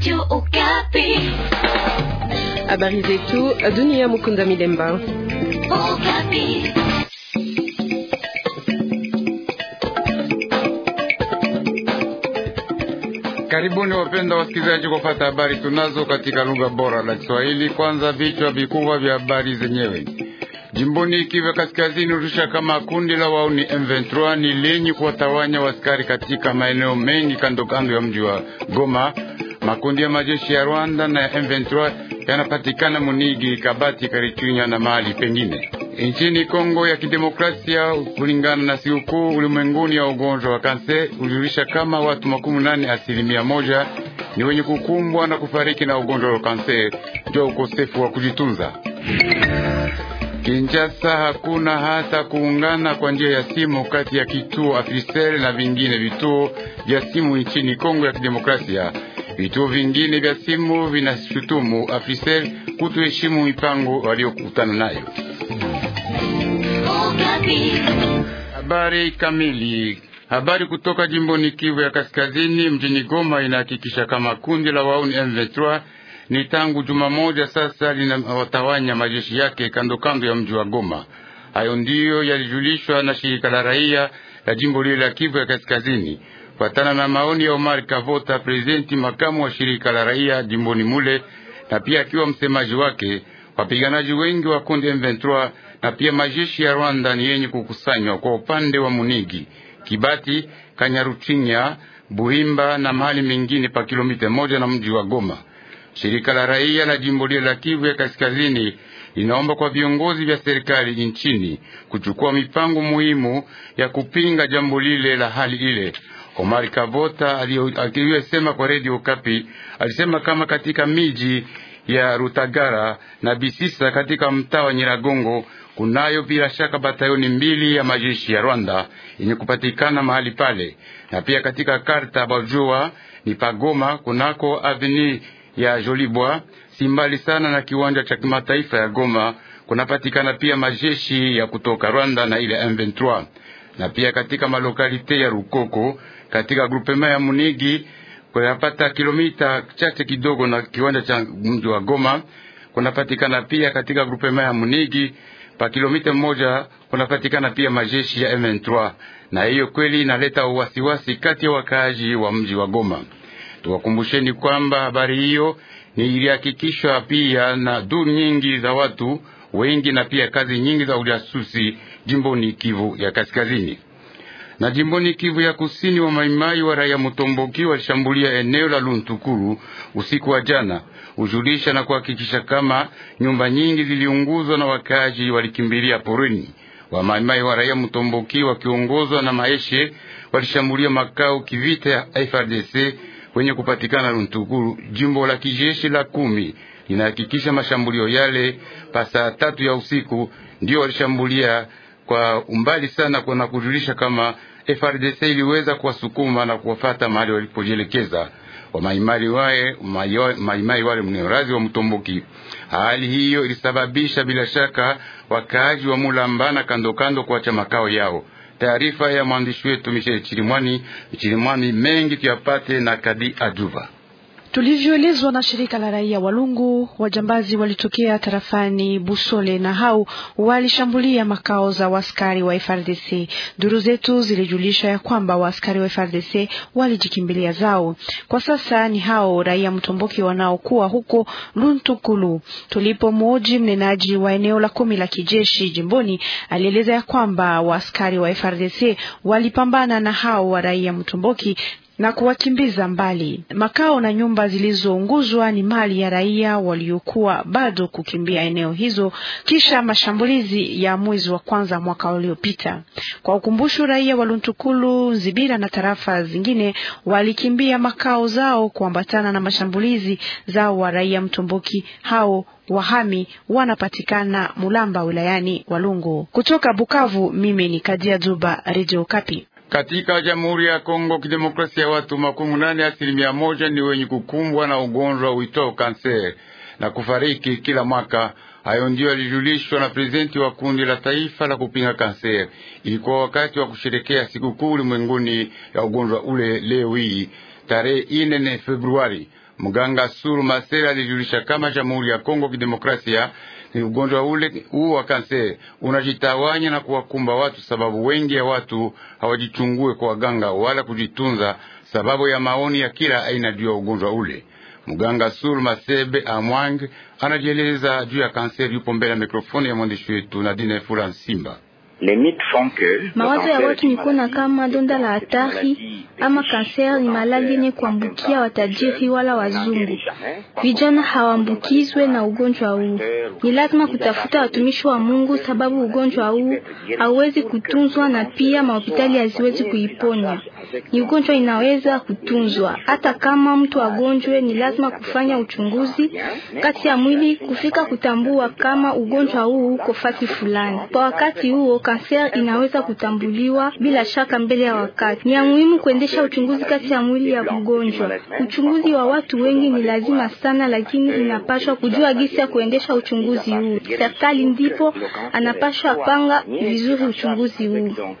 Radio Okapi. Habari zetu dunia, Mukunda Milemba. Okapi. Karibuni wapenda wasikilizaji kupata habari tunazo katika lugha bora la Kiswahili. Kwanza vichwa vikubwa vya habari zenyewe. Jimboni Kivu Kaskazini, rusha kama kundi la wauni M23 ni lenye kuwatawanya waskari katika maeneo mengi kando kando ya mji wa Goma Makundi ya majeshi ya Rwanda na ya M23 yanapatikana Munigi, Kabati, Karichunya na mahali pengine nchini Kongo ya Kidemokrasia. Kulingana na sikukuu ulimwenguni ya ugonjwa wa kanse, ulijulisha kama watu makumi nane asilimia moja ni wenye kukumbwa na kufariki na ugonjwa wa kanse jo ukosefu wa kujitunza. Kinshasa hakuna hata kuungana kwa njia ya simu kati ya kituo Africell na vingine vituo vya simu nchini Kongo ya Kidemokrasia. Vituo vingine vya simu vinashutumu Afrisel kutoheshimu mipango waliokutana nayo. Habari kamili. Habari kutoka jimboni Kivu ya Kaskazini, mjini Goma, inahakikisha kama kundi la wauni M23 ni tangu juma moja sasa linawatawanya majeshi yake kando kando ya mji wa Goma. Hayo ndiyo yalijulishwa na shirika la raia la jimbo lile la Kivu ya Kaskazini kufatana na maoni ya Omar Kavota, presidenti makamu wa shirika la raia jimboni mule, na pia akiwa msemaji wake. Wapiganaji wengi wa kundi M23 na pia majeshi ya Rwanda ni yenye kukusanywa kwa upande wa Munigi, Kibati, Kanyaruchinya, Buhimba na mahali mengine pa kilomita moja na mji wa Goma. Shirika la raia la jimbo lile la Kivu ya Kaskazini linaomba kwa viongozi vya serikali nchini kuchukua mipango muhimu ya kupinga jambo lile la hali ile. Omar Kavota aliyosema kwa Radio Kapi alisema kama katika miji ya Rutagara na Bisisa katika mtaa wa Nyiragongo kunayo bila shaka batayoni mbili ya majeshi ya Rwanda yenye kupatikana mahali pale, na pia katika karta bajua ni pagoma kunako aveni ya Jolibwa simbali sana na kiwanja cha kimataifa ya Goma kunapatikana pia majeshi ya kutoka Rwanda na ile M23 na pia katika malokalite ya Rukoko katika grupema ya Munigi kunapata kilomita chache kidogo na kiwanda cha mji wa Goma. Kunapatikana pia katika grupema ya Munigi pa kilomita moja kunapatikana pia majeshi ya M23, na hiyo kweli inaleta uwasiwasi kati ya wakaaji wa mji wa Goma. Tuwakumbusheni kwamba habari hiyo ni ilihakikishwa pia na duru nyingi za watu wengi na pia kazi nyingi za ujasusi jimboni Kivu ya Kaskazini na jimboni Kivu ya Kusini. Wa maimai wa raia Mutomboki walishambulia eneo la Luntukuru usiku wa jana, ujulisha na kuhakikisha kama nyumba nyingi ziliunguzwa na wakaaji walikimbilia porini. Wa maimai wa raia Mutomboki wakiongozwa na Maeshe walishambulia makao kivita ya FRDC wenye kupatikana Luntukuru, jimbo la kijeshi la kumi linahakikisha mashambulio yale. saa tatu ya usiku ndio walishambulia kwa umbali sana na kujulisha kama FRDC iliweza kuwasukuma na kuwafata mahali walipojielekeza wamaimai wae maimai wale mneorazi wa Mtomboki. Hali hiyo ilisababisha bila shaka wakaaji wa Mulamba kandokando kuacha makao yao. Taarifa ya mwandishi wetu Michel Chirimwani Chirimwani mengi tuyapate na Kadi Ajuva. Tulivyoelezwa na shirika la raia Walungu, wajambazi walitokea tarafani Busole na hau walishambulia makao za waaskari wa FRDC. Duru zetu zilijulisha ya kwamba waaskari wa FRDC walijikimbilia zao. Kwa sasa ni hao raia mtomboki wanaokuwa huko Luntukulu. Tulipo moji mnenaji wa eneo la kumi la kijeshi jimboni alieleza ya kwamba waaskari wa FRDC walipambana na hao wa raia mtomboki na kuwakimbiza mbali. Makao na nyumba zilizounguzwa ni mali ya raia waliokuwa bado kukimbia eneo hizo kisha mashambulizi ya mwezi wa kwanza mwaka uliopita. Kwa ukumbusho, raia wa Luntukulu, zibira na tarafa zingine walikimbia makao zao kuambatana na mashambulizi zao wa raia mtumbuki hao wahami wanapatikana Mulamba wilayani Walungu. Kutoka Bukavu, mimi ni Kadia Juba, Radio Kapi. Katika Jamhuri ya Kongo Kidemokrasia, watu makumi nane asilimia moja ni wenye kukumbwa na ugonjwa uitwao kanseri na kufariki kila mwaka. Hayo ndiyo yalijulishwa na prezidenti wa kundi la taifa la kupinga kanseri. Ilikuwa wakati wa kusherekea sikukuu ulimwenguni ya ugonjwa ule leo hii tarehe ine Februari. Mganga Suru Masera alijulisha kama Jamhuri ya Kongo Kidemokrasia Ugonjwa ule huu wa kanseri unajitawanya na kuwakumba watu, sababu wengi ya watu hawajichungue kwa waganga wala kujitunza, sababu ya maoni ya kila aina juu ya ugonjwa ule. Mganga Sul Masebe Amwang anajieleza juu ya kanseri, yupo mbele ya mikrofoni ya mwandishi wetu Nadine Fula Simba. Mawazo ya watu ni kuona kama donda la hatari ama kanser ni malali yenye kuambukia watajiri wala wazungu. Vijana hawaambukizwe na ugonjwa huu. Ni lazima kutafuta watumishi wa Mungu, sababu ugonjwa huu hauwezi kutunzwa na pia mahopitali haziwezi kuiponya ni ugonjwa inaweza kutunzwa. Hata kama mtu agonjwe, ni lazima kufanya uchunguzi kati ya mwili kufika kutambua kama ugonjwa huu uko fasi fulani. Kwa wakati huo, kanser inaweza kutambuliwa bila shaka mbele ya wakati. Ni ya muhimu kuendesha uchunguzi kati ya mwili ya mgonjwa. Uchunguzi wa watu wengi ni lazima sana, lakini inapaswa kujua gisi ya kuendesha uchunguzi huu. Serikali ndipo anapaswa panga vizuri uchunguzi huu.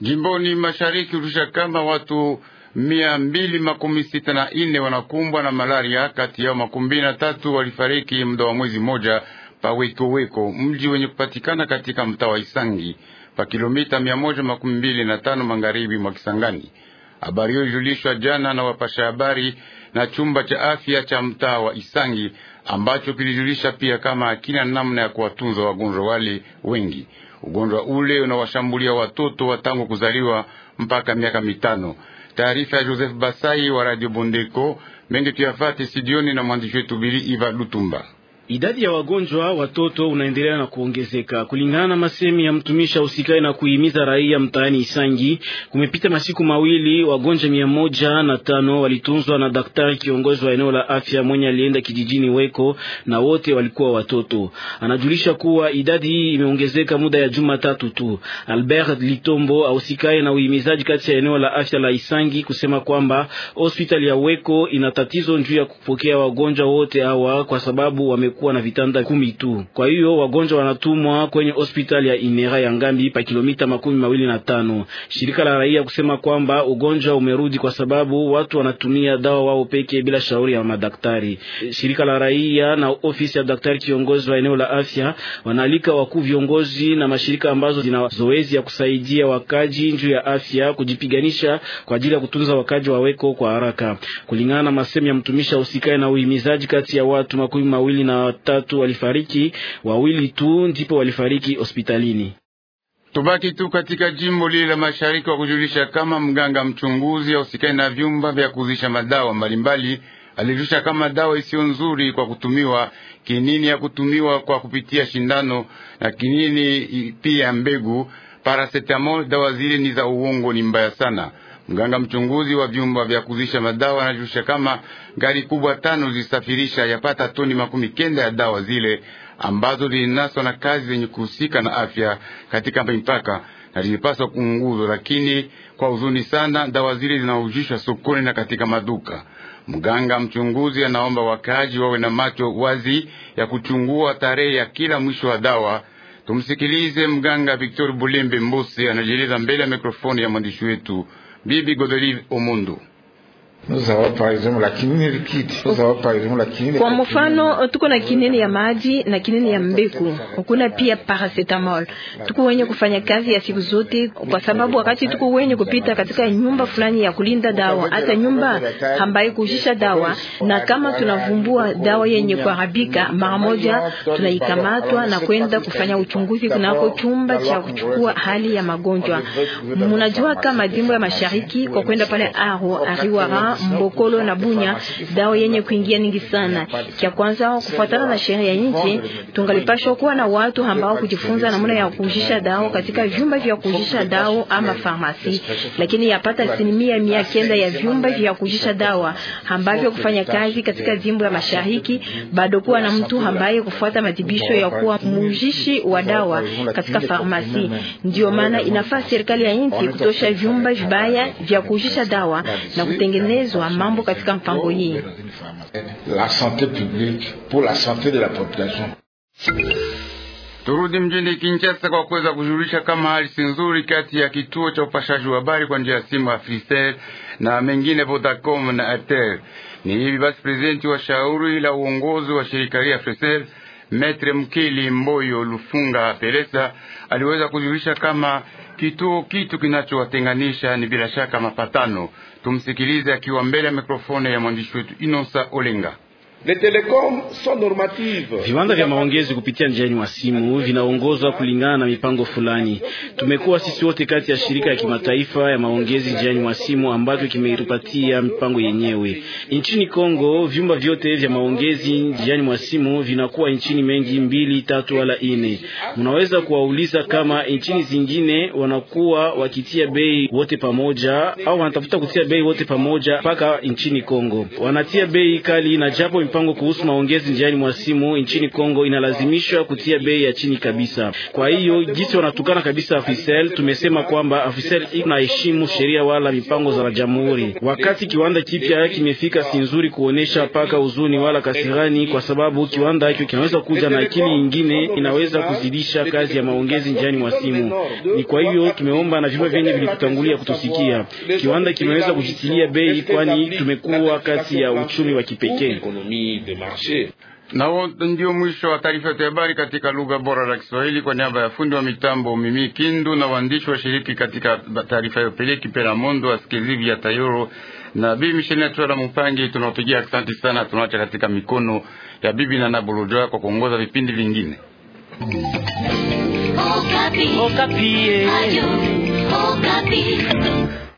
Jimboni mashariki kama watu mia mbili makumi sita na ine wanakumbwa na malaria, kati yao makumi mbili na tatu walifariki muda wa mwezi moja pa Wekoweko, mji wenye kupatikana katika mtaa wa Isangi pa kilomita mia moja makumi mbili na tano magharibi mwa Kisangani. Habari hiyo ilijulishwa jana na wapasha habari na chumba cha afya cha mtaa wa Isangi ambacho kilijulisha pia kama hakina namna ya kuwatunza wagonjwa wale wengi. Ugonjwa ule unawashambulia watoto wa tangu kuzaliwa mpaka miaka mitano. Taarifa ya Joseph Basai wa Radio Bondeko mengi tuyafate sidioni na mwandishi wetu Bili Iva Lutumba. Idadi ya wagonjwa watoto unaendelea na kuongezeka kulingana na masemi ya mtumishi usikae na kuhimiza raia mtaani Isangi. Kumepita masiku mawili, wagonjwa mia moja na tano walitunzwa na daktari kiongozi wa eneo la afya mwenye alienda kijijini Weko, na wote walikuwa watoto. Anajulisha kuwa idadi hii imeongezeka muda ya juma tatu tu. Albert Litombo ausikae na uhimizaji kati ya eneo la afya la Isangi kusema kwamba hospitali ya Weko ina tatizo juu ya kupokea wagonjwa wote hawa kwa sababu wame kumekuwa na vitanda kumi tu. Kwa hiyo wagonjwa wanatumwa kwenye hospitali ya Inera ya Ngambi pa kilomita makumi mawili na tano. Shirika la raia kusema kwamba ugonjwa umerudi kwa sababu watu wanatumia dawa wao pekee bila shauri ya madaktari. Shirika la raia na ofisi ya daktari kiongozi wa eneo la afya wanaalika wakuu viongozi na mashirika ambazo zina zoezi ya kusaidia wakaji juu ya afya kujipiganisha kwa ajili ya kutunza wakaji waweko kwa haraka, kulingana na masemo ya mtumishi usikae na uhimizaji kati ya watu makumi mawili na watatu walifariki, wawili tu ndipo walifariki hospitalini. Tubaki tu katika jimbo lile la mashariki wa kujulisha kama mganga mchunguzi ausikani na vyumba vya kuuzisha madawa mbalimbali alijulisha kama dawa isiyo nzuri kwa kutumiwa, kinini ya kutumiwa kwa kupitia shindano na kinini pia mbegu paracetamol. Dawa zile ni za uongo, ni mbaya sana. Mganga mchunguzi wa vyumba vya kuzisha madawa anajulisha kama gari kubwa tano zisafirisha yapata toni makumi kenda ya dawa zile ambazo zilinaswa na kazi zenye kuhusika na afya katika mipaka na zilipaswa kuunguzwa, lakini kwa huzuni sana dawa zile zinauzishwa sokoni na katika maduka. Mganga mchunguzi anaomba wakaaji wawe na macho wazi ya kuchungua tarehe ya kila mwisho wa dawa. Tumsikilize mganga Victor Bulembe Mbusi anajieleza mbele ya mikrofoni ya mwandishi wetu Bibi Goderiv, o mundo. Kwa mfano tuko na kinene ya maji na kinene ya mbeku, kuna pia paracetamol. Tuko wenye kufanya kazi ya siku zote, kwa sababu wakati tuko wenye kupita katika nyumba fulani ya kulinda dawa, hata nyumba ambayo kuishisha dawa, na kama tunavumbua dawa yenye kuharibika, mara moja tunaikamatwa na kwenda kufanya uchunguzi kunako chumba cha kuchukua hali ya magonjwa. Mnajua kama jimbo ya mashariki kwa kwenda pale Aro Ariwara Mbokolo na Bunya, dawa yenye kuingia nyingi sana. Kia kwanza, kufuatana na sheria ya nchi, tungalipashwa kuwa na watu ambao kujifunza namna ya kuujisha dawa katika vyumba vya kuujisha dawa ama farmasi, lakini yapata asilimia mia kenda ya vyumba vya kuujisha dawa ambavyo kufanya kazi katika jimbo ya mashariki bado kuwa na mtu ambaye kufuata matibisho ya kuwa muujishi wa dawa katika farmasi. Ndio maana inafaa serikali ya nchi kutosha vyumba vibaya vya kuujisha dawa na kutengeneza mwendelezo wa mambo katika mpango hii la sante publique pour la sante de la population. Turudi mjini Kinshasa kwa kuweza kujulisha kama hali si nzuri kati ya kituo cha upashaji wa habari kwa njia ya simu Africell na mengine Vodacom na Airtel. Ni hivi basi, prezidenti wa shauri la uongozi wa shirika la Africell Metre Mkili Mboyo Lufunga peresa aliweza kujulisha kama kituo kitu kinachowatenganisha ni bila shaka mapatano Tumsikilize akiwa mbele ya mikrofoni ya mwandishi wetu Inosa Olenga. Viwanda vya maongezi kupitia njiani wa simu vinaongozwa kulingana na mipango fulani. Tumekuwa sisi wote kati ya shirika ya kimataifa ya maongezi njiani wa simu ambacho kimetupatia mipango yenyewe. Nchini Kongo, vyumba vyote vya maongezi njiani mwa simu vinakuwa nchini mengi mbili, tatu wala ine. Mnaweza kuwauliza kama nchini zingine wanakuwa wakitia bei wote pamoja au wanatafuta kutia bei wote pamoja mpaka nchini Kongo. Wanatia bei kali na japo mpango kuhusu maongezi njiani mwa simu nchini Kongo inalazimishwa kutia bei ya chini kabisa. Kwa hiyo jinsi wanatukana kabisa Afisel, tumesema kwamba Afisel inaheshimu sheria wala mipango za jamhuri. Wakati kiwanda kipya kimefika, si nzuri kuonesha paka huzuni wala kasirani, kwa sababu kiwanda hicho kinaweza kuja na akili nyingine, inaweza kuzidisha kazi ya maongezi njiani mwa simu. Ni kwa hiyo tumeomba na vyombo vyenye vilitutangulia kutusikia, kiwanda kimeweza kujitilia bei, kwani tumekuwa kati ya uchumi wa kipekee. Nao ndio mwisho wa taarifa ya habari katika lugha bora la Kiswahili. Kwa niaba ya fundi wa mitambo Mimi Kindu na waandishi wa shiriki katika taarifa hiyo Peleki Pela Mondo, Asikilivi ya Tayoro na Bibi Misheni Atwala Mupangi, tunawapigia asante sana. Tunaacha katika mikono ya Bibi na Bolojoa kwa kuongoza vipindi vingine. Okapi. Okapi. Okapi.